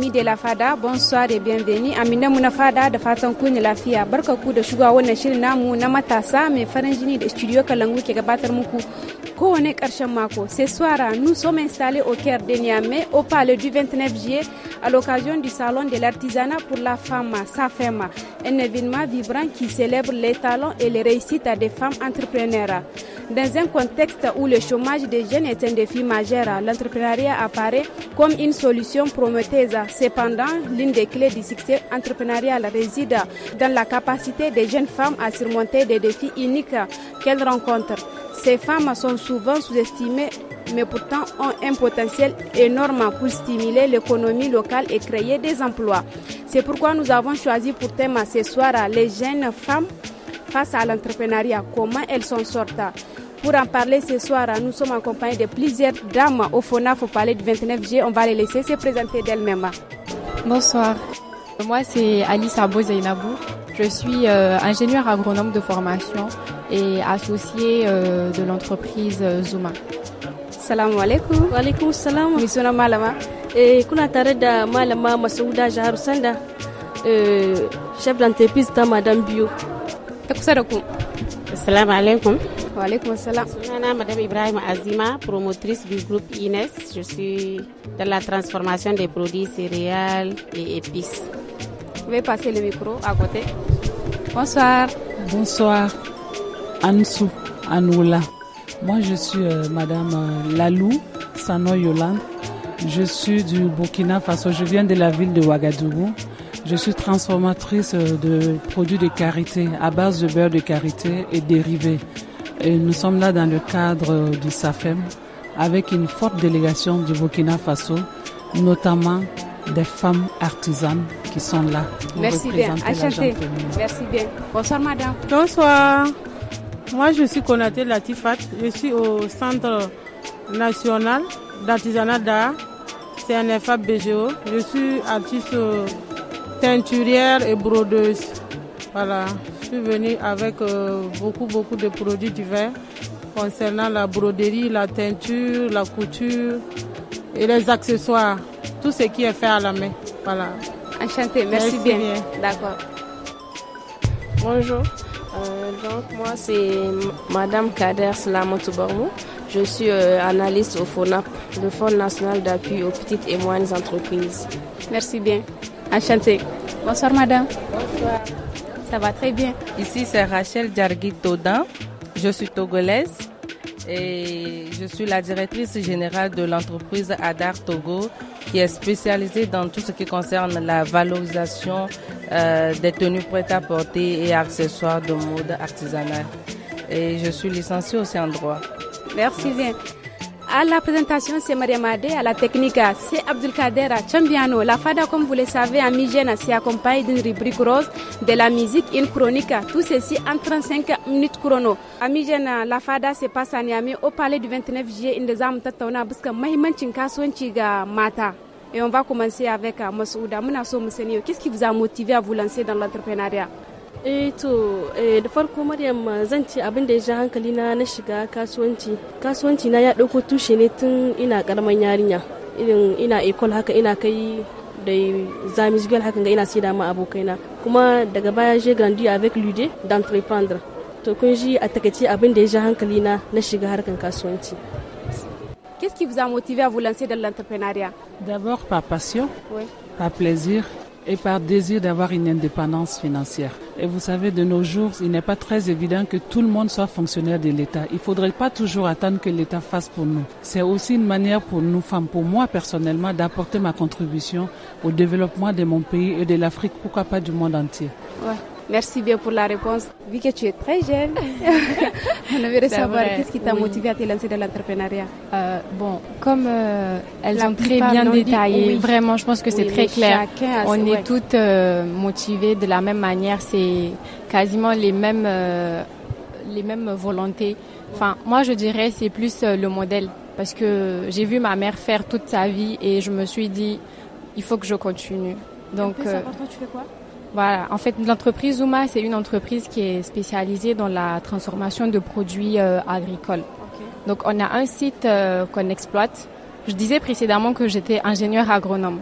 amis de la Fada, bonsoir et bienvenue. Amina fada da fatan ku ni lafiya. Barka ku da shugawa wannan shirin namu na matasa mai farin jini da studio Kalangu ke gabatar muku Koonek ce soir nous sommes installés au cœur de Niamey au palais du 29 juillet à l'occasion du salon de l'artisanat pour la femme Safema un événement vibrant qui célèbre les talents et les réussites des femmes entrepreneurs dans un contexte où le chômage des jeunes est un défi majeur l'entrepreneuriat apparaît comme une solution prometteuse cependant l'une des clés du succès entrepreneurial réside dans la capacité des jeunes femmes à surmonter des défis uniques qu'elles rencontrent ces femmes sont souvent sous-estimées, mais pourtant ont un potentiel énorme pour stimuler l'économie locale et créer des emplois. C'est pourquoi nous avons choisi pour thème ce soir les jeunes femmes face à l'entrepreneuriat, comment elles sont sortent. Pour en parler ce soir, nous sommes accompagnés de plusieurs dames au FONAF au palais du 29G. On va les laisser se présenter d'elles-mêmes. Bonsoir. Moi, c'est Alice Abo Zainabou. Je suis euh, ingénieure agronome de formation et associée euh, de l'entreprise euh, Zuma. Salam alaikum. Wa alaikum salam. Mi malama. Et kuna tare malama Masouda Jahar Sanda. Euh, chef d'entreprise ta Madame Bio. Ta kusa da ku. Assalamu alaikum. Wa alaikum assalam. Sunana Madame Ibrahim Azima, promotrice du groupe INES. Je suis dans la transformation des produits céréales et épices vais passer le micro à côté. Bonsoir. Bonsoir. Ansou, Anoula. Moi, je suis euh, Madame euh, Lalou Sano Je suis du Burkina Faso. Je viens de la ville de Ouagadougou. Je suis transformatrice euh, de produits de carité à base de beurre de karité et dérivés. Et nous sommes là dans le cadre du SAFEM avec une forte délégation du Burkina Faso, notamment des femmes artisanes qui sont là. Merci bien. Merci bien. Bonsoir, madame. Bonsoir. Moi, je suis Konate Latifat. Je suis au Centre national d'artisanat d'art, CNFA BGO. Je suis artiste teinturière et brodeuse. Voilà. Je suis venue avec euh, beaucoup, beaucoup de produits divers concernant la broderie, la teinture, la couture et les accessoires. Tout ce qui est fait à la main. Voilà. Enchantée, merci, bien. D'accord. Bonjour. Euh, donc moi c'est Madame Kader Slamoutoubarmou. Je suis euh, analyste au FONAP, le Fonds national d'appui aux petites et moyennes entreprises. Merci bien. Enchantée. Bonsoir Madame. Bonsoir. Ça va très bien. Ici c'est Rachel Djargui Dodan. Je suis togolaise et je suis la directrice générale de l'entreprise Adar Togo qui est spécialisée dans tout ce qui concerne la valorisation euh, des tenues prêtes à porter et accessoires de mode artisanal. Et je suis licenciée aussi en droit. Merci bien. À la présentation, c'est Marie-Made, À la technique, c'est Abdelkader Chambiano. La FADA, comme vous le savez, en mi-jeune, accompagne d'une rubrique rose, de la musique, une chronique. Tout ceci en 35 minutes chrono. A mi la FADA se passe à Niamey au palais du 29 juillet. Une des armes parce que kasuwanci ga mata. Et on va commencer avec euh, Masouda. Muna so Qu'est-ce qui vous a motivé à vous lancer dans l'entrepreneuriat? eh to eh, da farko maryam zan ce abin da ya ja hankali na na shiga kasuwanci kasuwanci na ya ɗauko tushe ne tun ina karaman yarinya irin ina ekol haka ina kai da zamis girl haka ina sai da ma abokaina kuma daga baya je grandi avec lude d'entreprendre to kun ji a takaice abin da ya ja hankali na na shiga harkan kasuwanci Qu'est-ce qui vous a motivé à vous lancer dans l'entrepreneuriat D'abord par passion, oui. par plaisir et par désir d'avoir une indépendance financière. Et vous savez, de nos jours, il n'est pas très évident que tout le monde soit fonctionnaire de l'État. Il ne faudrait pas toujours attendre que l'État fasse pour nous. C'est aussi une manière pour nous femmes, pour moi personnellement, d'apporter ma contribution au développement de mon pays et de l'Afrique, pourquoi pas du monde entier. Merci bien pour la réponse. Vu que tu es très jeune, on aimerait savoir qu'est-ce qui t'a motivé à te lancer dans l'entrepreneuriat. Euh, bon, comme euh, elles ont très bien détaillé, vraiment, je pense que c'est très clair. On est toutes euh, motivées de la même manière. C'est quasiment les mêmes, les mêmes volontés. Enfin, moi, je dirais c'est plus le modèle parce que j'ai vu ma mère faire toute sa vie et je me suis dit, il faut que je continue. Donc, savoir, toi, tu fais quoi voilà, en fait, l'entreprise Zuma, c'est une entreprise qui est spécialisée dans la transformation de produits euh, agricoles. Donc, on a un site euh, qu'on exploite. Je disais précédemment que j'étais ingénieur agronome.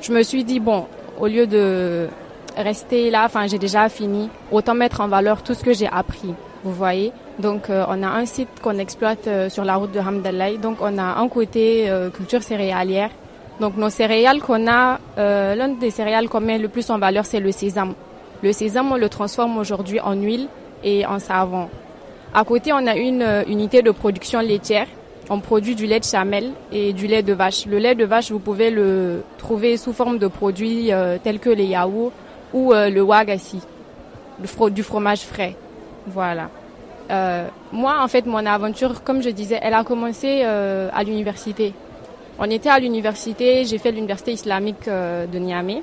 Je me suis dit, bon, au lieu de rester là, enfin, j'ai déjà fini, autant mettre en valeur tout ce que j'ai appris, vous voyez. Donc, euh, on a un site qu'on exploite sur la route de Hamdallah. Donc, on a un côté culture céréalière donc nos céréales qu'on a, euh, l'un des céréales qu'on met le plus en valeur, c'est le sésame. Le sésame, on le transforme aujourd'hui en huile et en savon. À côté, on a une euh, unité de production laitière. On produit du lait de chamel et du lait de vache. Le lait de vache, vous pouvez le trouver sous forme de produits euh, tels que les yaourts ou le wagasi, du fromage frais. Voilà. moi, en fait, mon aventure, comme je disais, elle a commencé à l'université. On était à l'université, j'ai fait l'université islamique euh, de Niamey.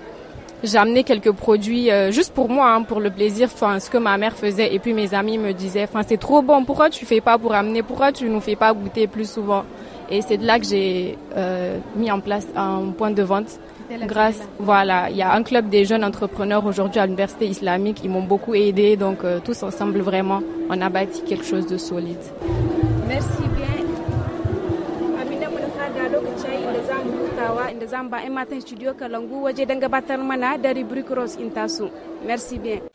J'ai amené quelques produits euh, juste pour moi, hein, pour le plaisir, enfin ce que ma mère faisait et puis mes amis me disaient, enfin c'est trop bon, pourquoi tu ne fais pas pour amener, pourquoi tu nous fais pas goûter plus souvent Et c'est de là que j'ai euh, mis en place un point de vente. Grâce, voilà, il y a un club des jeunes entrepreneurs aujourd'hui à l'université islamique, ils m'ont beaucoup aidé, donc tous ensemble vraiment, on a bâti quelque chose de solide. Merci. shiryawa inda zamu ba 'yan matan studio Kalangu waje don gabatar mana da rubric Rose in taso. Merci bien.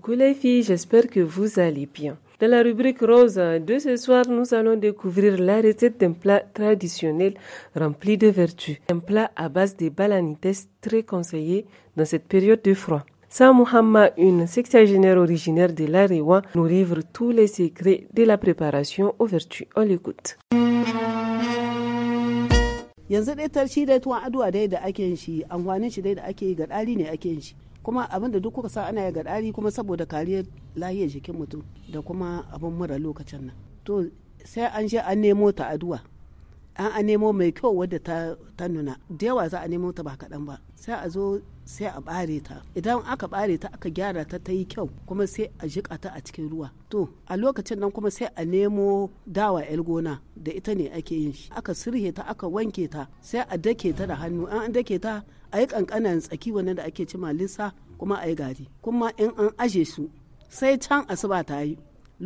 Coucou les filles, j'espère que vous allez bien. Dans la rubrique rose de ce soir, nous allons découvrir la recette d'un plat traditionnel rempli de vertus. Un plat à base de balanites très conseillé dans cette période de froid. Sa Muhammad, une sexagénaire originaire de l'Arewa, nous livre tous les secrets de la préparation aux vertus. On l'écoute. kuma abin da duk kuka sa ana ya gadari kuma saboda kariyar lahiyar jikin mutum da kuma abin mura lokacin nan to sai an je an nemo ta aduwa an a nemo mai kyau wadda ta nuna da yawa za a nemo ta ba kaɗan ba sai a zo sai a ɓare ta idan aka ɓare ta aka gyara ta ta yi kyau kuma sai a jiƙa ta a cikin ruwa to a lokacin nan kuma sai a nemo dawa yar gona da ita ne ake yin shi aka sirhe ta aka wanke ta sai a dake ta da hannu an dake ta a yi kankanan tsaki wannan da ake cima lissa kuma a yi gari kuma in an aje su sai can asuba ta yi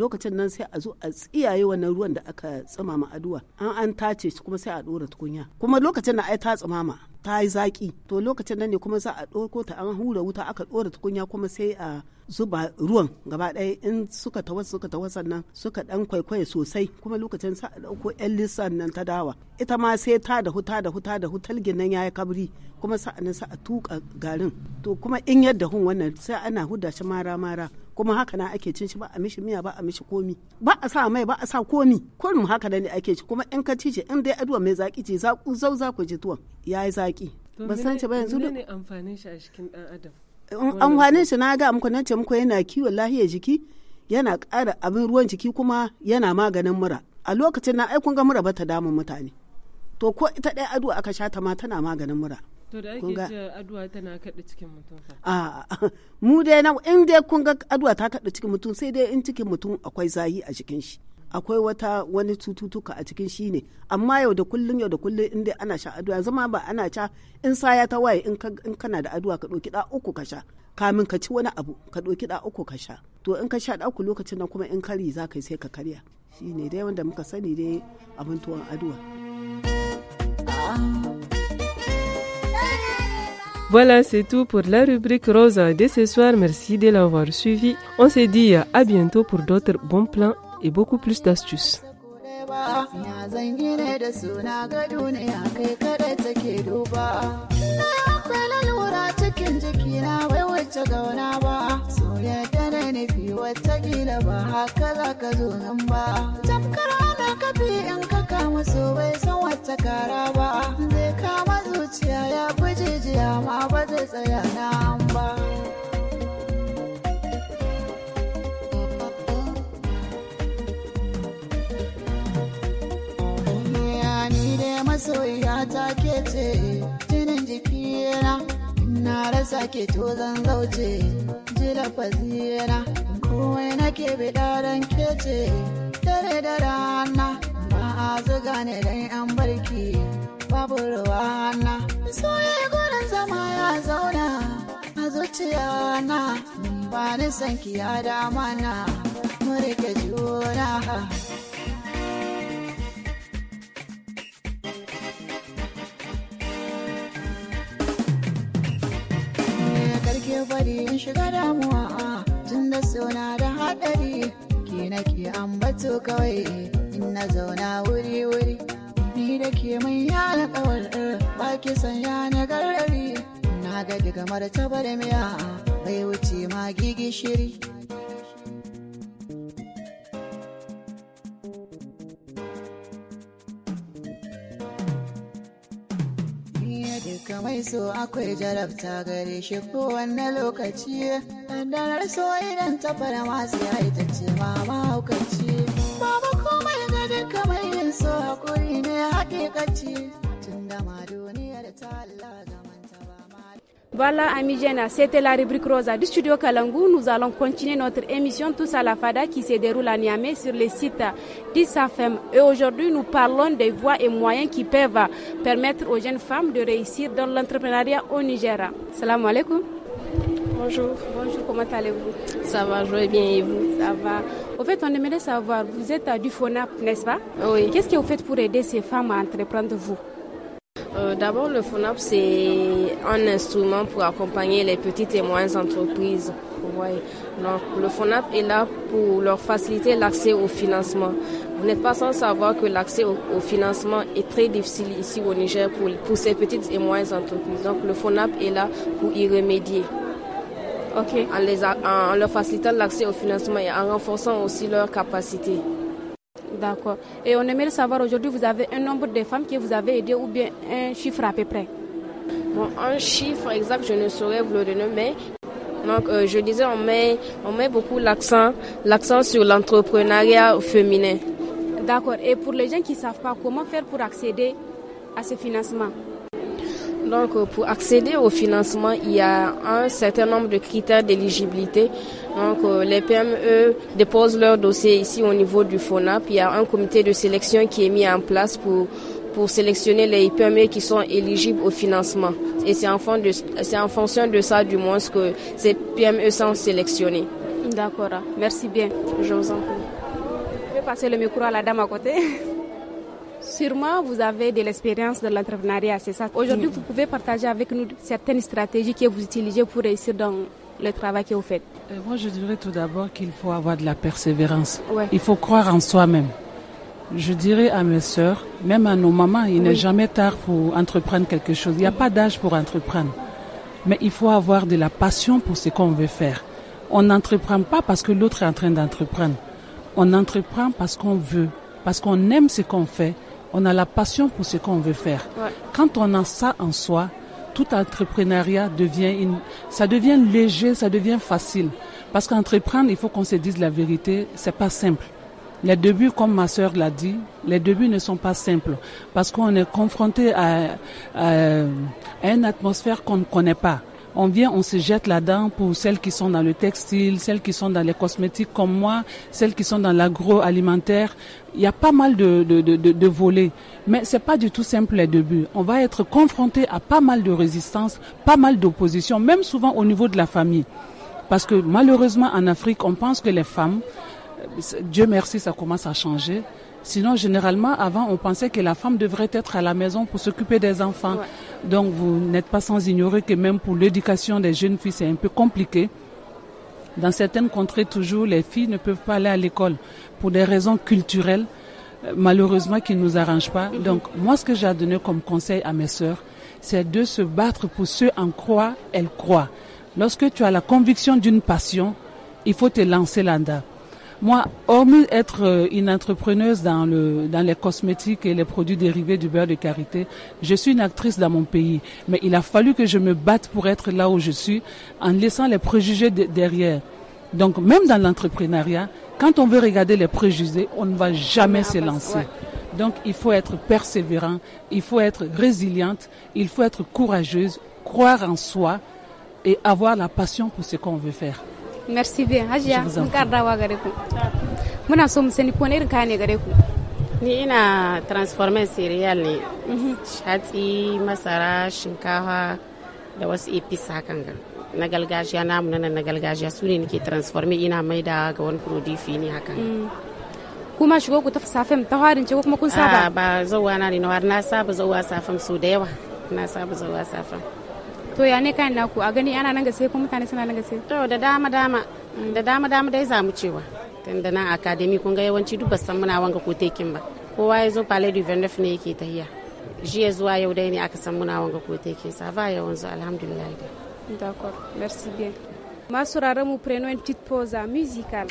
lokacin nan sai a zo a tsiyaye wannan ruwan da aka tsamama addua an an tace shi kuma sai a dora tukunya kuma lokacin da ai ta tsamama ta yi zaki to lokacin nan ne kuma za a ɗauko ta an hura wuta aka ɗora tukunya kuma sai a zuba ruwan gaba ɗaya in suka tawasa suka tawasa nan suka ɗan kwaikwaye sosai kuma lokacin sa a ɗauko yan lissan nan ta dawa ita ma sai ta da huta da huta da hutalgin nan yayi kabri kuma sa'annan sa a tuka garin to kuma in yadda hun wannan sai ana huda mara mara kuma haka na ake cin shi ba a mishi miya ba a mishi komi ba a sa mai ba a sa komi kullum haka ne ake ci kuma in ka ci shi in dai aduwa mai zaki ce zaku zau za ku ji tuwon yi zaki ba san ci ba yanzu ne amfanin shi a cikin dan adam amfanin shi na ga muku nan ce muku yana kiwon lahiyar jiki yana ƙara abin ruwan jiki kuma yana maganin mura a lokacin na ai kun ga mura ba ta damun mutane to ko ita ɗaya aduwa aka sha ta ma tana maganin mura to da ake cewa aduwa tana kaɗa cikin mutum a ah, mu dai na in dai kun ga aduwa ta kaɗa cikin mutum sai dai in cikin mutum akwai zahi a cikin shi akwai wata wani cututtuka a cikin shi ne amma yau da kullum yau da kullum in dai ana sha aduwa zama ba ana sha in saya ta waye in kana da aduwa ka ɗauki ɗa uku ka sha kamin ka ci wani abu ka ɗauki ɗa uku ka sha to in ka sha ɗa uku lokacin nan kuma in kari za ka yi sai ka karya shi ne dai wanda muka sani dai abin tuwon aduwa. Ah. Voilà, c'est tout pour la rubrique rosa de ce soir. Merci de l'avoir suivi. On se dit à bientôt pour d'autres bons plans et beaucoup plus d'astuces. tsaya nan ba ni da masoyiya ta ke ce jinin jikina na rasa ke to zan zauce jira fazira kowai nake bidaran ke ce dare da rana ba a zuga ne dan yan barki babu ruwana soye gurin zama ya zauna a zuciyana na ba ni san kiya dama na mu rike juna bari in shiga damuwa tun da suna da haɗari ki nake ambato kawai in na zauna wuri-wuri ni da ke mai yana kawar eh, ba ki sanya na garari na ga daga martaba da miya bai wuce ma gigi shiri kamai so akwai jarabta gare shi wannan lokaci ɗanɗanar so idan ta fara masu ce ma mahaukaci Voilà, amis c'était la rubrique Rosa du studio Kalangu. Nous allons continuer notre émission Tous à la Fada qui se déroule à Niamey sur le site d'ISAFEM. Et aujourd'hui, nous parlons des voies et moyens qui peuvent permettre aux jeunes femmes de réussir dans l'entrepreneuriat au Niger. Salam alaikum. Bonjour. comment allez-vous Ça va, je vais bien et vous Ça va. Au fait, on aimerait savoir, vous êtes du FONAP, n'est-ce pas Oui. Qu'est-ce que vous faites pour aider ces femmes à entreprendre vous euh, D'abord, le FONAP, c'est un instrument pour accompagner les petites et moyennes entreprises. Donc, le FONAP est là pour leur faciliter l'accès au financement. Vous n'êtes pas sans savoir que l'accès au, financement est très difficile ici au Niger pour, pour ces petites et moyennes entreprises. Donc, le FONAP est là pour y remédier en, les en leur facilitant l'accès au financement et en renforçant aussi leurs capacités. D'accord. Et on aimerait savoir aujourd'hui, vous avez un nombre de femmes que vous avez aidées ou bien un chiffre à peu près un chiffre exact, je ne saurais vous le donner, mais donc, euh, je disais, on met, on met beaucoup l'accent, l'accent sur l'entrepreneuriat féminin. D'accord. Et pour les gens qui ne savent pas, comment faire pour accéder à ce financement donc, euh, pour accéder au financement, il y a un certain nombre de critères d'éligibilité. Donc, euh, les PME déposent leur dossier ici au niveau du FONAP. Il y a un comité de sélection qui est mis en place pour pour sélectionner les PME qui sont éligibles au financement. Et c'est en, en, fonction de ça, du moins, que ces PME sont sélectionnées. D'accord, merci bien. Je vous en prie. Je vais passer le micro à la dame à côté. Sûrement, vous avez de l'expérience de l'entrepreneuriat, c'est ça. Aujourd'hui, mm. vous pouvez partager avec nous certaines stratégies que vous utilisez pour réussir dans le travail que vous faites. Euh, moi, je dirais tout d'abord qu'il faut avoir de la persévérance. Il faut croire en soi-même. Je dirais à mes sœurs, même à nos mamans, il n'est jamais tard pour entreprendre quelque chose. Il n'y a pas d'âge pour entreprendre. Mais il faut avoir de la passion pour ce qu'on veut faire. On n'entreprend pas parce que l'autre est en train d'entreprendre. On entreprend parce qu'on veut, parce qu'on aime ce qu'on fait on a la passion pour ce qu'on veut faire. Quand on a ça en soi, tout entrepreneuriat devient une, ça devient léger, ça devient facile. Parce qu'entreprendre, il faut qu'on se dise la vérité, c'est pas simple. Les débuts, comme ma sœur l'a dit, les débuts ne sont pas simples parce qu'on est confronté à, à une atmosphère qu'on ne connaît pas on vient, on se jette là-dedans pour celles qui sont dans le textile, celles qui sont dans les cosmétiques comme moi, celles qui sont dans l'agroalimentaire. Il y a pas mal de, de, de, de volets, mais c'est pas du tout simple les débuts. On va être confronté à pas mal de résistance, pas mal d'opposition, même souvent au niveau de la famille. Parce que malheureusement en Afrique, on pense que les femmes, euh, Dieu merci, ça commence à changer, Sinon, généralement, avant, on pensait que la femme devrait être à la maison pour s'occuper des enfants. Donc, vous n'êtes pas sans ignorer que même pour l'éducation des jeunes filles, c'est un peu compliqué. Dans certaines contrées, toujours, les filles ne peuvent pas aller à l'école pour des raisons culturelles, euh, malheureusement, qui ne nous arrangent pas. Mhm. Donc, moi, ce que j'ai donné comme conseil à mes sœurs, c'est de se battre pour ce en quoi elles croient. Lorsque tu as la conviction d'une passion, il faut te lancer là-dedans. Moi, hormis être euh, une entrepreneuse dans, le, dans les cosmétiques et les produits dérivés du beurre de karité, je suis une actrice dans mon pays. Mais il a fallu que je me batte pour être là où je suis en laissant les préjugés derrière. Donc même dans l'entrepreneuriat, quand on veut regarder les préjugés, on ne va jamais se lancer. Donc il faut être persévérant, il faut être résiliente, il faut être courageuse, croire en soi et avoir la passion pour ce qu'on veut faire. merci bien hajiya mun karrawa gare ku muna so mu sani ko ne irin kaya ne gare ku ni ina transformer cereal ne mhm. shatsi masara shinkafa da wasu apis hakan na galgajiya namu nan na galgajiya su ne nake transformer ina mai da ga wani prodifi ne hakan mm. kuma shigo ku tafi safem ta harin ce kuma kun saba ah, ba zauwa na ne na saba zauwa safam so da yawa na saba zauwa safam. to ya ne kayan naku a gani ana nan gase ko mutane suna nan gase to da dama dama da dama dama dai za mu cewa tunda nan academy kun ga yawanci duk basan muna wanga ko tekin ba kowa ya zo palais du vendef ne yake tahiya jiya zuwa yau dai ne aka san muna wanga ko tekin sa ba yawan zo alhamdulillah d'accord merci bien masu mu preno une musical.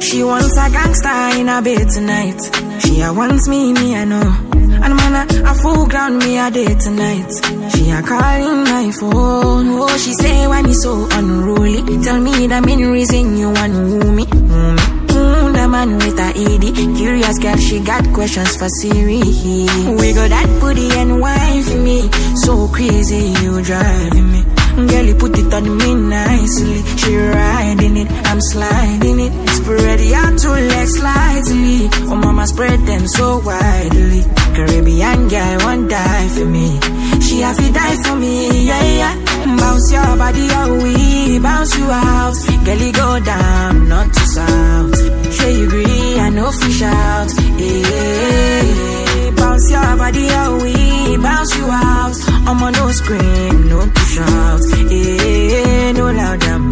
She wants a gangster in her bed tonight. She a wants me, me I know. And man, a, a full ground me a day tonight. She a calling my phone. Oh, she say why me so unruly. Tell me the main reason you want woo me. Woo me. Hmm, the man with a ED Curious girl, she got questions for Siri We got that booty and wife me So crazy, you driving me Girl, you put it on me nicely. She riding it, I'm sliding it. Spread your two legs slightly. Oh, mama, spread them so widely. Caribbean guy won't die for me. She have to die for me, yeah, yeah. Bounce your body, oh, we bounce you out. Girl, you go down, not to south. Say you agree, I know fish out. Yeah, bounce your body, oh, we bounce you out. I'm on no screen, no shout. Yeah, no loud them,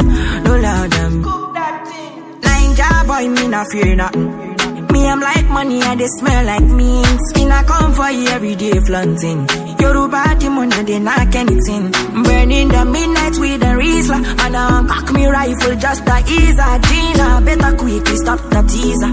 no loud them. Cook that boy, me not fear nothing. Me, I'm like money and they smell like mint. In a come for you every day flaunting. Yoruba demon money, they knock anything. Burning the midnight with a Riesler. And I cock me rifle just to ease a Gina. Better quickly stop the teaser.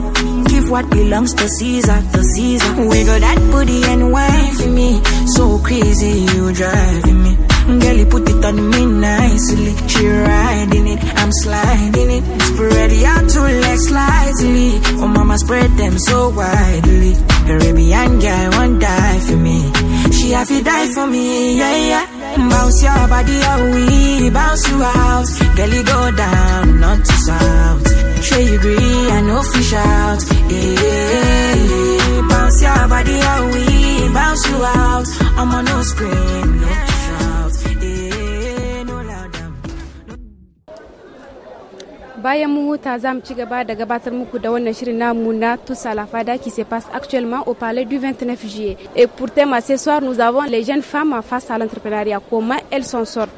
Give what belongs to Caesar, to Caesar. Wiggle that booty and wine for me. So crazy you driving me. Girl, you put it on me nicely. She riding it, I'm sliding it. Spread your two legs slightly. Oh, mama, spread them so widely. Arabian guy won't die for me. She have to die for me, yeah, yeah. Bounce your body, oh, we bounce you out. Girl, you go down, not to south. Sure you agree, I know fish out. Yeah, bounce your body, oh, we bounce you out. I'm on no screen, no. huta qui se passe actuellement au palais du 29 juillet. Et pour thème ce soir, nous avons les jeunes femmes face à l'entrepreneuriat, comment elles sont sorties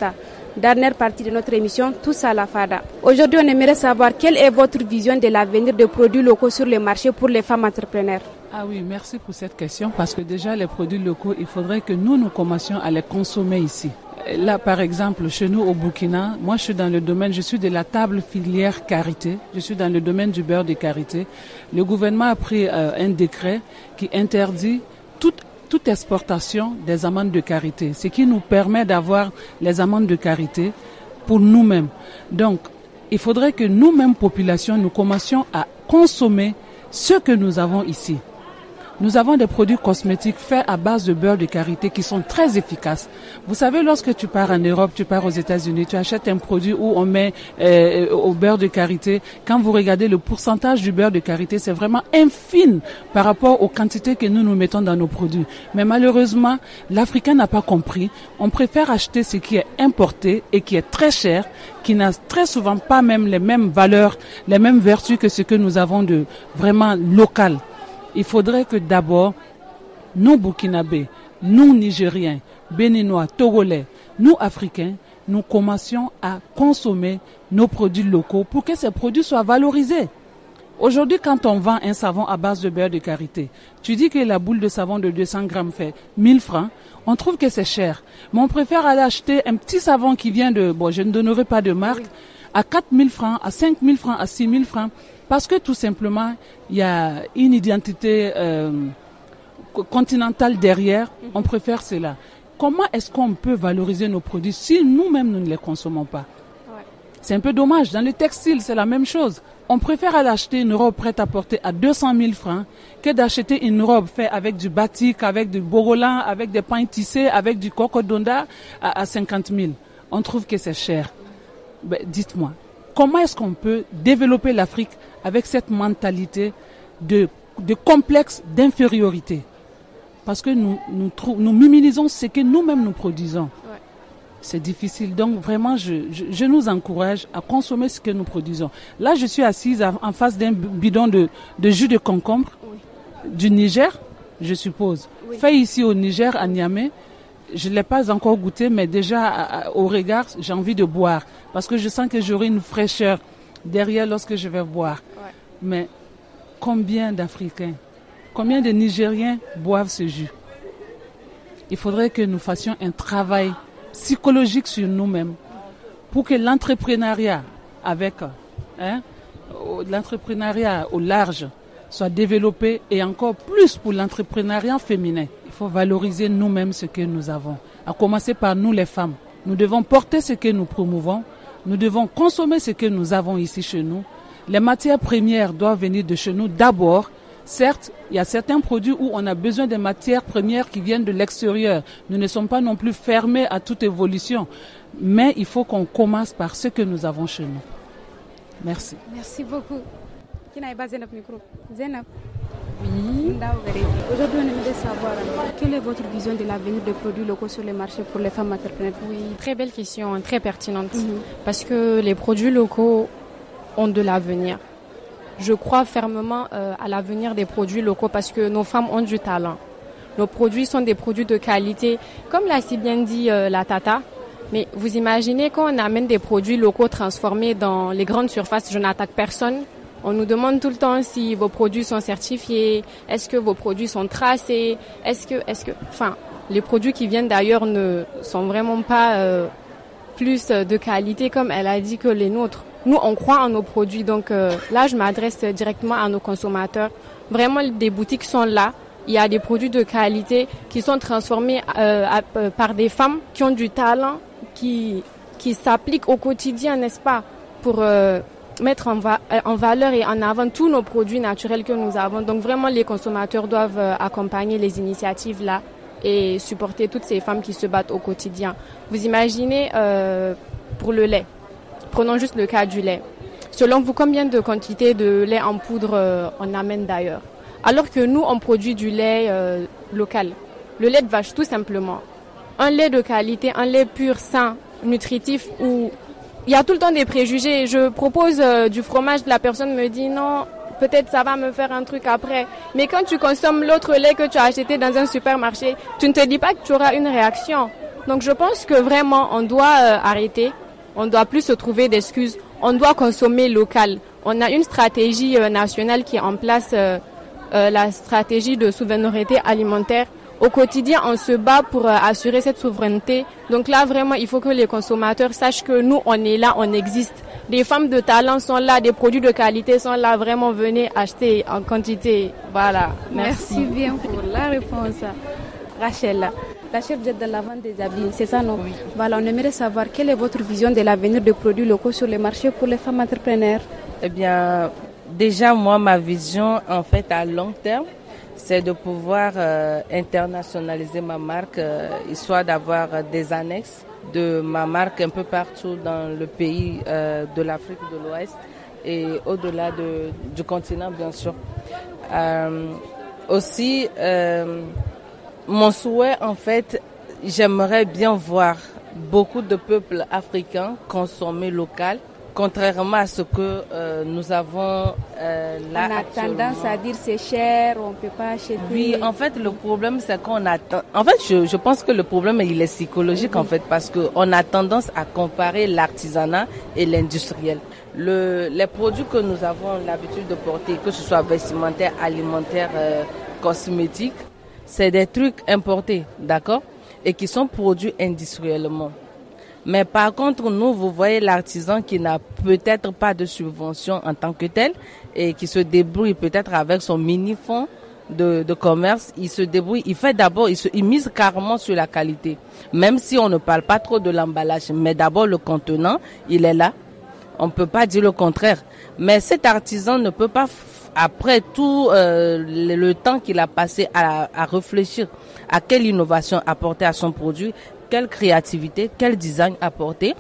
Dernière partie de notre émission Tous à la Fada. Aujourd'hui, on aimerait savoir quelle est votre vision de l'avenir des produits locaux sur les marchés pour les femmes entrepreneurs. Ah oui, merci pour cette question parce que déjà les produits locaux, il faudrait que nous, nous commencions à les consommer ici. Là, par exemple, chez nous au Burkina, moi je suis dans le domaine, je suis de la table filière carité, je suis dans le domaine du beurre de carité. Le gouvernement a pris euh, un décret qui interdit toute toute exportation des amendes de carité, ce qui nous permet d'avoir les amendes de carité pour nous-mêmes. Donc, il faudrait que nous-mêmes, population, nous commencions à consommer ce que nous avons ici. Nous avons des produits cosmétiques faits à base de beurre de karité qui sont très efficaces. Vous savez, lorsque tu pars en Europe, tu pars aux États-Unis, tu achètes un produit où on met euh, au beurre de karité. Quand vous regardez le pourcentage du beurre de karité, c'est vraiment infime par rapport aux quantités que nous nous mettons dans nos produits. Mais malheureusement, l'Africain n'a pas compris. On préfère acheter ce qui est importé et qui est très cher, qui n'a très souvent pas même les mêmes valeurs, les mêmes vertus que ce que nous avons de vraiment local il faudrait que d'abord, nous Burkinabés, nous Nigériens, Béninois, Togolais, nous Africains, nous commencions à consommer nos produits locaux pour que ces produits soient valorisés. Aujourd'hui, quand on vend un savon à base de beurre de karité, tu dis que la boule de savon de 200 grammes fait 1000 francs, on trouve que c'est cher. Mais on préfère aller acheter un petit savon qui vient de, bon, je ne donnerai pas de marque, à 4000 francs, à 5000 francs, à 6000 francs. Parce que tout simplement, il y a une identité euh, continentale derrière. On préfère cela. Comment est-ce qu'on peut valoriser nos produits si nous-mêmes, nous ne les consommons pas C'est un peu dommage. Dans le textile, c'est la même chose. On préfère acheter une robe prête à porter à 200 000 francs que d'acheter une robe faite avec du batik, avec du borolan, avec des pains tissés, avec du cocodonda à, à 50 000. On trouve que c'est cher. Ben, dites-moi, Comment est-ce qu'on peut développer l'Afrique avec cette mentalité de, complexe d'infériorité Parce que nous, nous, minimisons ce que nous-mêmes nous produisons. C'est difficile. Donc vraiment, je, nous encourage à consommer ce que nous produisons. Là, je suis assise en face d'un bidon de, jus de concombre du Niger, je suppose, fait ici au Niger, à Niamey je ne l'ai pas encore goûté, mais déjà au regard, j'ai envie de boire parce que je sens que j'aurai une fraîcheur derrière lorsque je vais boire. Mais combien d'Africains, combien de Nigériens boivent ce jus Il faudrait que nous fassions un travail psychologique sur nous-mêmes pour que l'entrepreneuriat avec hein, l'entrepreneuriat au large soit développé et encore plus pour l'entrepreneuriat féminin. Il faut valoriser nous-mêmes ce que nous avons, à commencer par nous les femmes. Nous devons porter ce que nous promouvons, nous devons consommer ce que nous avons ici chez nous. Les matières premières doivent venir de chez nous d'abord. Certes, il y a certains produits où on a besoin des matières premières qui viennent de l'extérieur. Nous ne sommes pas non plus fermés à toute évolution, mais il faut qu'on commence par ce que nous avons chez nous. Merci. Merci beaucoup. Qui pas Micro Oui. Aujourd'hui, on aimerait savoir euh, quelle est votre vision de l'avenir des produits locaux sur les marchés pour les femmes entrepreneurs Oui, très belle question, très pertinente. Mhm. Parce que les produits locaux ont de l'avenir. Je crois fermement euh, à l'avenir des produits locaux parce que nos femmes ont du talent. Nos produits sont des produits de qualité. Comme l'a si bien dit euh, la Tata, mais vous imaginez qu'on amène des produits locaux transformés dans les grandes surfaces, je n'attaque personne, on nous demande tout le temps si vos produits sont certifiés, est-ce que vos produits sont tracés, est-ce que, est-ce que, enfin, les produits qui viennent d'ailleurs ne sont vraiment pas euh, plus euh, de qualité comme elle a dit que les nôtres. Nous, on croit en nos produits, donc euh, là, je m'adresse directement à nos consommateurs. Vraiment, des boutiques sont là. Il y a des produits de qualité qui sont transformés par des femmes qui ont du talent, qui qui s'appliquent au quotidien, n'est-ce pas, pour mettre en, va euh, en, valeur et en avant tous nos produits naturels que nous avons. Donc vraiment, les consommateurs doivent euh, accompagner les initiatives là et supporter toutes ces femmes qui se battent au quotidien. Vous imaginez euh, pour le lait. Prenons juste le cas du lait. Selon vous, combien de quantités de lait en poudre on amène d'ailleurs Alors que nous, on produit du lait local. Le lait de vache, tout simplement. Un lait de qualité, un lait pur, sain, nutritif, ou il y a tout le temps des préjugés. Je propose euh, du fromage, la personne me dit non, peut-être ça va me faire un truc après. Mais quand tu consommes l'autre lait que tu as acheté dans un supermarché, tu ne te dis pas que tu auras une réaction. Donc je pense que vraiment, on doit euh, arrêter. On doit plus se trouver d'excuses. On doit consommer local. On a une stratégie euh, nationale qui est en place, la stratégie de souveraineté alimentaire au quotidien, on se bat pour euh, assurer cette souveraineté. Donc là, vraiment, il faut que les consommateurs sachent que nous, on est là, on existe. Des femmes de talent sont là, des produits de qualité sont là. Vraiment, venez acheter en quantité. Voilà. Merci, bien pour la réponse. Rachel, la chef de la vente des habits, c'est ça, non oui. Voilà, on aimerait savoir quelle est votre vision de l'avenir des produits locaux sur les marchés pour les femmes entrepreneurs Eh bien, déjà, moi, ma vision, en fait, à long terme, c'est de pouvoir euh, internationaliser ma marque, euh, histoire d'avoir euh, des annexes de ma marque un peu partout dans le pays euh, de l'Afrique de l'Ouest et au-delà du continent, bien sûr. aussi, mon souhait, en fait, j'aimerais bien voir beaucoup de peuples africains consommer local contrairement à ce que euh, nous avons euh, là. On a tendance à dire c'est cher, on ne peut pas acheter. Oui, en fait, le problème, c'est qu'on attend. En fait, je, je, pense que le problème, il est psychologique, en fait, parce qu'on a tendance à comparer l'artisanat et l'industriel. Le, les produits que nous avons l'habitude de porter, que ce soit vestimentaire, alimentaire, euh, cosmétique, c'est des trucs importés, d'accord Et qui sont produits industriellement. Mais par contre, nous, vous voyez l'artisan qui n'a peut-être pas de subvention en tant que tel et qui se débrouille peut-être avec son mini-fonds de, commerce, il se débrouille, il fait d'abord, il, se, mise carrément sur la qualité. Même si on ne parle pas trop de l'emballage, mais d'abord le contenant, il est là. On ne peut pas dire le contraire. Mais cet artisan ne peut pas, après tout euh, le, temps qu'il a passé à, à réfléchir à quelle innovation apporter à son produit, quelle créativité, quel design apporter.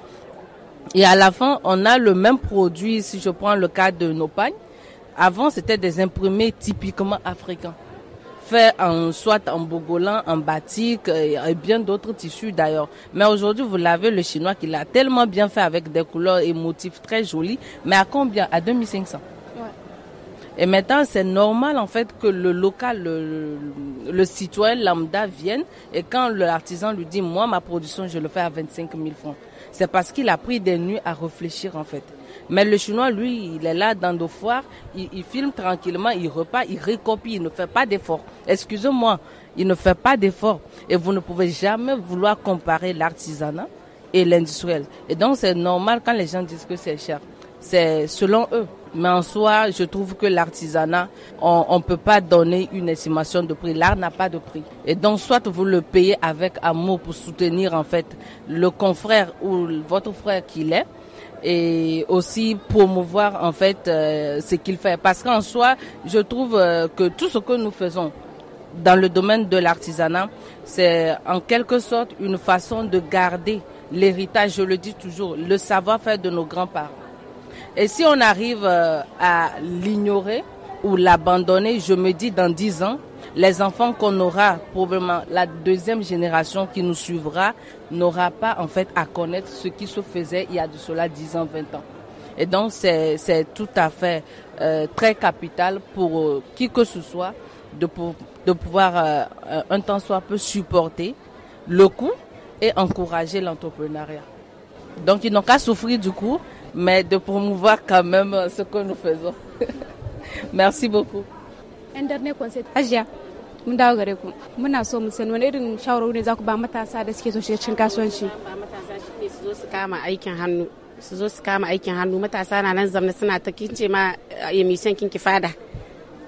Et à la fin, on a le même produit, si je prends le cas de nos pagnes. Avant, c'était des imprimés typiquement africains. Faits en, soit en bogolan, en batik euh, et, bien d'autres tissus d'ailleurs. Mais aujourd'hui, vous l'avez, le chinois qui l'a tellement bien fait avec des couleurs et motifs très jolis. Mais à combien? À 2500. Et maintenant, c'est normal en fait que le local, le, citoyen lambda vienne et quand l'artisan lui dit, moi, ma production, je le fais à 25 000 francs, c'est parce qu'il a pris des nuits à réfléchir en fait. Mais le Chinois, lui, il est là dans nos foires, il, filme tranquillement, il repart, il récopie, il ne fait pas d'effort. Excusez-moi, il ne fait pas d'effort. Et vous ne pouvez jamais vouloir comparer l'artisanat et l'industriel. Et donc, c'est normal quand les gens disent que c'est cher. C'est selon eux. Mais en soi, je trouve que l'artisanat, on ne peut pas donner une estimation de prix. L'art n'a pas de prix. Et donc, soit vous le payez avec amour pour soutenir en fait le confrère ou votre frère qu'il est et aussi promouvoir en fait euh, ce qu'il fait. Parce qu'en soi, je trouve euh, que tout ce que nous faisons dans le domaine de l'artisanat, c'est en quelque sorte une façon de garder l'héritage, je le dis toujours, le savoir-faire de nos grands-parents. Et si on arrive euh, à l'ignorer ou l'abandonner, je me dis dans 10 ans, les enfants qu'on aura, probablement la deuxième génération qui nous suivra, n'aura pas en fait à connaître ce qui se faisait il y a de cela 10 ans, 20 ans. Et donc c'est tout à fait euh, très capital pour euh, qui que ce soit de, pour, de pouvoir un temps soit peu supporter le coût et encourager l'entrepreneuriat. Donc ils n'ont qu'à souffrir du coût, mais de promouvoir quand même ce que nous faisons. Merci beaucoup. Un dernier conseil. Agia. mun dawo gare ku muna so mu san wani irin shawarwari ne za ku ba matasa da suke so cin kasuwanci ba matasa shi su zo su kama aikin hannu su zo su kama aikin hannu matasa na nan zamna suna ta kince ma emission kinki fada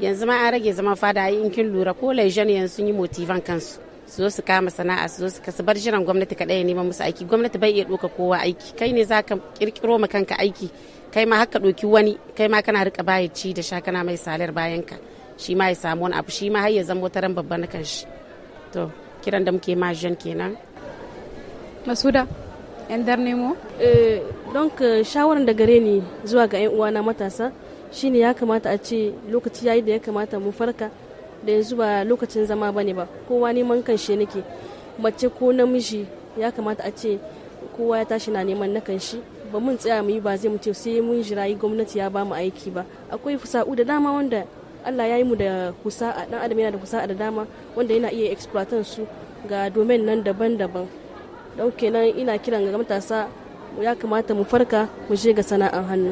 yanzu ma an rage zaman fada in kin lura ko lejen yanzu sun yi motivan kansu su zo su kama sana'a su zo su bar jiran gwamnati kaɗai ya neman musu aiki gwamnati bai iya ɗoka kowa aiki kai ne za ka ƙirƙiro ma kanka aiki kai ma haka ɗoki wani kai ma kana riƙa baya ci da sha kana mai salar bayan ka shi ma ya samu wani abu shi ma har ya zama wata ran babban na kanshi to kiran da muke ma jan kenan masuda yan dar nemo eh, don shawaran da gare ni zuwa ga yan uwana matasa shine ya kamata a ce lokaci yayi da ya kamata mu farka da yanzu ba lokacin zama bane ba kowa neman kanshi nake mace ko namiji ya kamata a ce kowa ya tashi na neman na kanshi ba mun tsaya mu yi ba zai mu sai mun jirayi gwamnati ya ba mu aiki ba akwai fusa'u da dama wanda Allah ya yi mu da a dan adam yana da a da dama wanda yana iya exploitan su ga domain nan daban-daban don kenan ina kiran ga matasa ya kamata mu farka mu je ga sana'ar hannu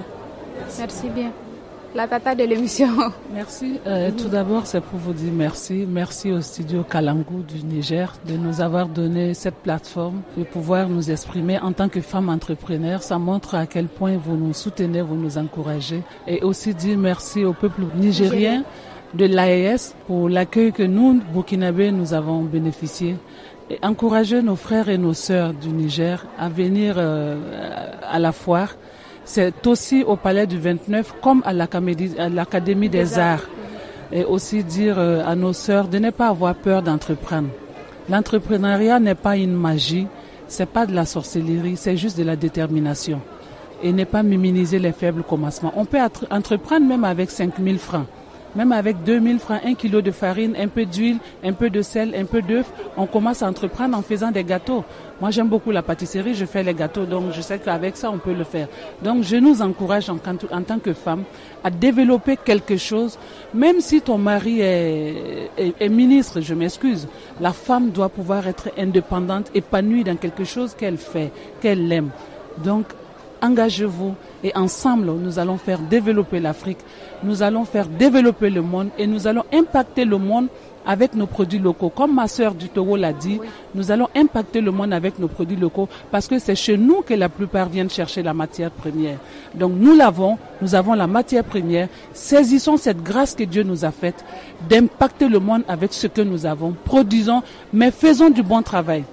la tata de l'émission. Merci. Euh, tout d'abord, c'est pour vous dire merci. Merci au studio Kalangu du Niger de nous avoir donné cette plateforme, de pouvoir nous exprimer en tant que femmes entrepreneurs. Ça montre à quel point vous nous soutenez, vous nous encouragez. Et aussi dire merci au peuple nigérien de l'AES pour l'accueil que nous, Burkinabés, nous avons bénéficié. Et encourager nos frères et nos sœurs du Niger à venir euh, à la foire c'est aussi au Palais du 29 comme à l'Académie des Arts. Et aussi dire euh, à nos sœurs de ne pas avoir peur d'entreprendre. L'entrepreneuriat n'est pas une magie, c'est pas de la sorcellerie, c'est juste de la détermination. Et ne pas minimiser les faibles commencements. On peut entreprendre même avec 5000 francs. Même avec 2000 francs, un kilo de farine, un peu d'huile, un peu de sel, un peu d'œuf, on commence à entreprendre en faisant des gâteaux. Moi, j'aime beaucoup la pâtisserie, je fais les gâteaux, donc je sais qu'avec ça, on peut le faire. Donc, je nous encourage en, en tant que femme à développer quelque chose, même si ton mari est, est ministre, je m'excuse. La femme doit pouvoir être indépendante, épanouie dans quelque chose qu'elle fait, qu'elle aime. Donc, engagez-vous et ensemble, nous allons faire développer l'Afrique, nous allons faire développer le monde et nous allons impacter le monde avec nos produits locaux. Comme ma sœur du Taureau l'a dit, nous allons impacter le monde avec nos produits locaux parce que c'est chez nous que la plupart viennent chercher la matière première. Donc nous l'avons, nous avons la matière première. Saisissons cette grâce que Dieu nous a faite d'impacter le monde avec ce que nous avons. Produisons, mais faisons du bon travail.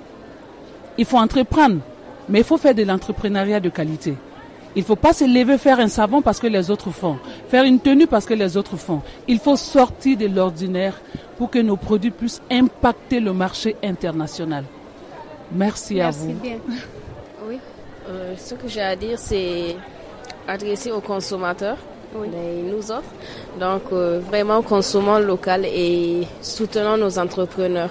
Il faut entreprendre. Mais il faut faire de l'entrepreneuriat de qualité. Il ne faut pas se lever faire un savon parce que les autres font, faire une tenue parce que les autres font. Il faut sortir de l'ordinaire pour que nos produits puissent impacter le marché international. Merci, à vous. Bien. Oui. Euh, ce que j'ai à dire, c'est adresser aux consommateurs nous autres Donc euh, vraiment consommons local et soutenons nos entrepreneurs.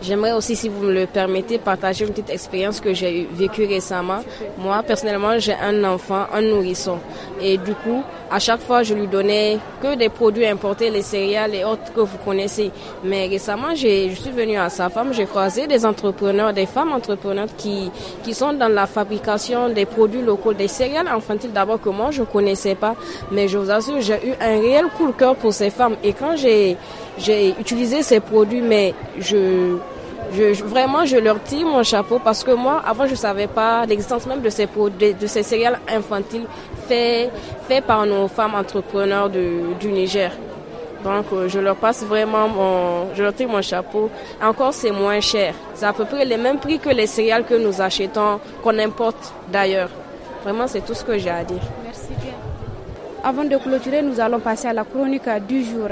J'aimerais aussi, si vous me le permettez, partager une petite expérience que j'ai vécue récemment. Moi, personnellement, j'ai un enfant, un nourrisson. Et du coup, à chaque fois, je lui donnais que des produits importés, les céréales et autres que vous connaissez. Mais récemment, je suis venue à sa femme, j'ai croisé des entrepreneurs, des femmes entrepreneurs qui, qui sont dans la fabrication des produits locaux, des céréales infantiles d'abord que moi, je connaissais pas. Mais je vous assure, j'ai eu un réel coup de cœur pour ces femmes. Et quand j'ai j'ai utilisé ces produits, mais je, vraiment, je leur tire mon chapeau parce que moi, avant, je ne savais pas l'existence même de ces produits, de ces céréales infantiles faites par nos femmes entrepreneurs du Niger. Donc, euh, je leur passe vraiment mon, je leur tire mon chapeau. Encore, c'est moins cher. C'est à peu près le même prix que les céréales que nous achetons, qu'on importe d'ailleurs. Vraiment, c'est tout ce que j'ai à dire. Merci bien. Avant de clôturer, nous allons passer à la chronique du jour.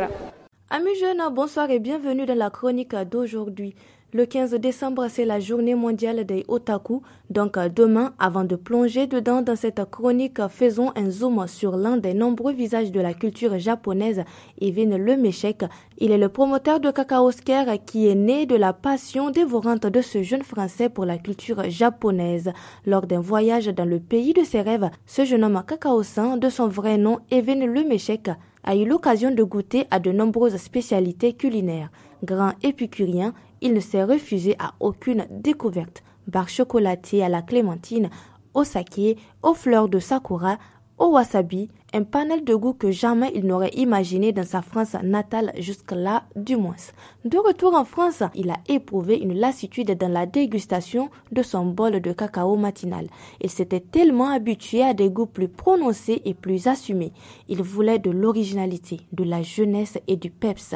Amis jeunes, bonsoir et bienvenue dans la chronique d'aujourd'hui. Le 15 décembre, c'est la journée mondiale des otaku. Donc demain, avant de plonger dedans dans cette chronique, faisons un zoom sur l'un des nombreux visages de la culture japonaise, Evin Lemeshek. Il est le promoteur de Kakaosker qui est né de la passion dévorante de ce jeune français pour la culture japonaise. Lors d'un voyage dans le pays de ses rêves, ce jeune homme cacao de son vrai nom Evin Lemeshek, a eu l'occasion de goûter à de nombreuses spécialités culinaires. Grand épicurien, il ne s'est refusé à aucune découverte. Bar chocolatier à la clémentine, au saké, aux fleurs de sakura, au wasabi, un panel de goûts que jamais il n'aurait imaginé dans sa France natale jusque-là, du moins. De retour en France, il a éprouvé une lassitude dans la dégustation de son bol de cacao matinal. Il s'était tellement habitué à des goûts plus prononcés et plus assumés. Il voulait de l'originalité, de la jeunesse et du peps.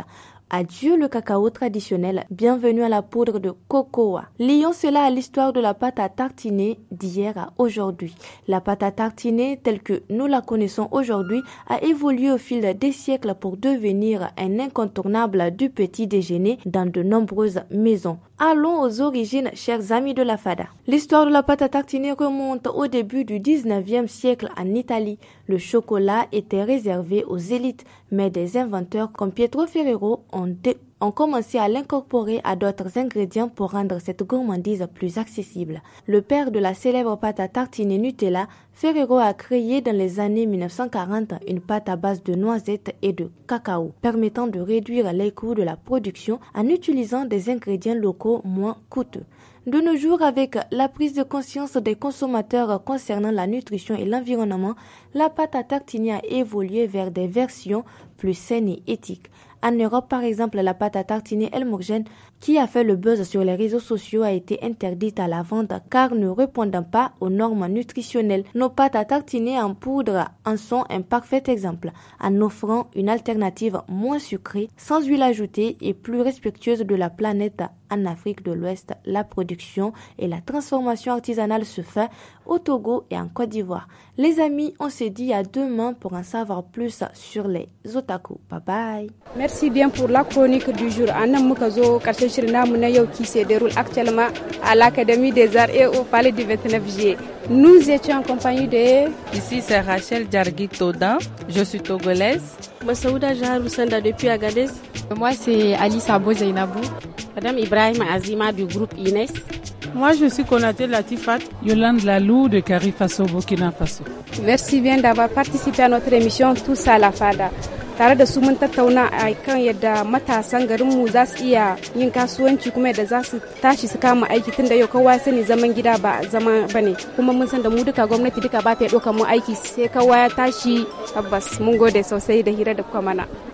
Adieu le cacao traditionnel, bienvenue à la poudre de cocoa. Lions cela à l'histoire de la pâte à tartiner d'hier à aujourd'hui. La pâte à tartiner telle que nous la connaissons aujourd'hui a évolué au fil des siècles pour devenir un incontournable du petit déjeuner dans de nombreuses maisons. Allons aux origines, chers amis de la fada. L'histoire de la pâte à tartiner remonte au début du 19e siècle en Italie. Le chocolat était réservé aux élites, mais des inventeurs comme Pietro Ferrero ont découvert ont commencé à l'incorporer à d'autres ingrédients pour rendre cette gourmandise plus accessible. Le père de la célèbre pâte à tartiner Nutella, Ferrero a créé dans les années 1940 une pâte à base de noisettes et de cacao, permettant de réduire les coûts de la production en utilisant des ingrédients locaux moins coûteux. De nos jours, avec la prise de conscience des consommateurs concernant la nutrition et l'environnement, la pâte à tartiner a évolué vers des versions plus saines et éthiques. En Europe, par exemple, la pâte à tartiner El qui a fait le buzz sur les réseaux sociaux, a été interdite à la vente car ne répondant pas aux normes nutritionnelles. Nos pâtes à tartiner en poudre en sont un parfait exemple, en offrant une alternative moins sucrée, sans huile ajoutée et plus respectueuse de la planète en Afrique de l'Ouest, la production et la transformation artisanale se fait au Togo et en Côte d'Ivoire. Les amis, on se dit à demain pour en savoir plus sur les otaku. Bye bye. Merci bien pour la chronique du jour. Anna Mukazo, qui se déroule actuellement à l'Académie des Arts et au Palais du 29 juillet. Nous étions en compagnie de... Ici, c'est Rachel Djargi Toda, Je suis togolaise. depuis Agadez. Moi, c'est Alice Abo Zainabou. Madame Ibrahim Azima du groupe Inès. Moi, je suis Konaté Latifat. Yolande Lalou de Carifaso, Burkina Faso. Merci bien d'avoir participé à notre émission Tous à la Fada. tare da su mun tattauna a kan yadda matasan garinmu za su iya yin kasuwanci kuma yadda za su tashi su kama aiki tun da yau kowa sani zaman gida ba zama ba ne kuma mun san da mu duka gwamnati duka ba ta ɗaukar mu aiki sai kowa ya tashi tabbas mun gode sosai da hira da kuka mana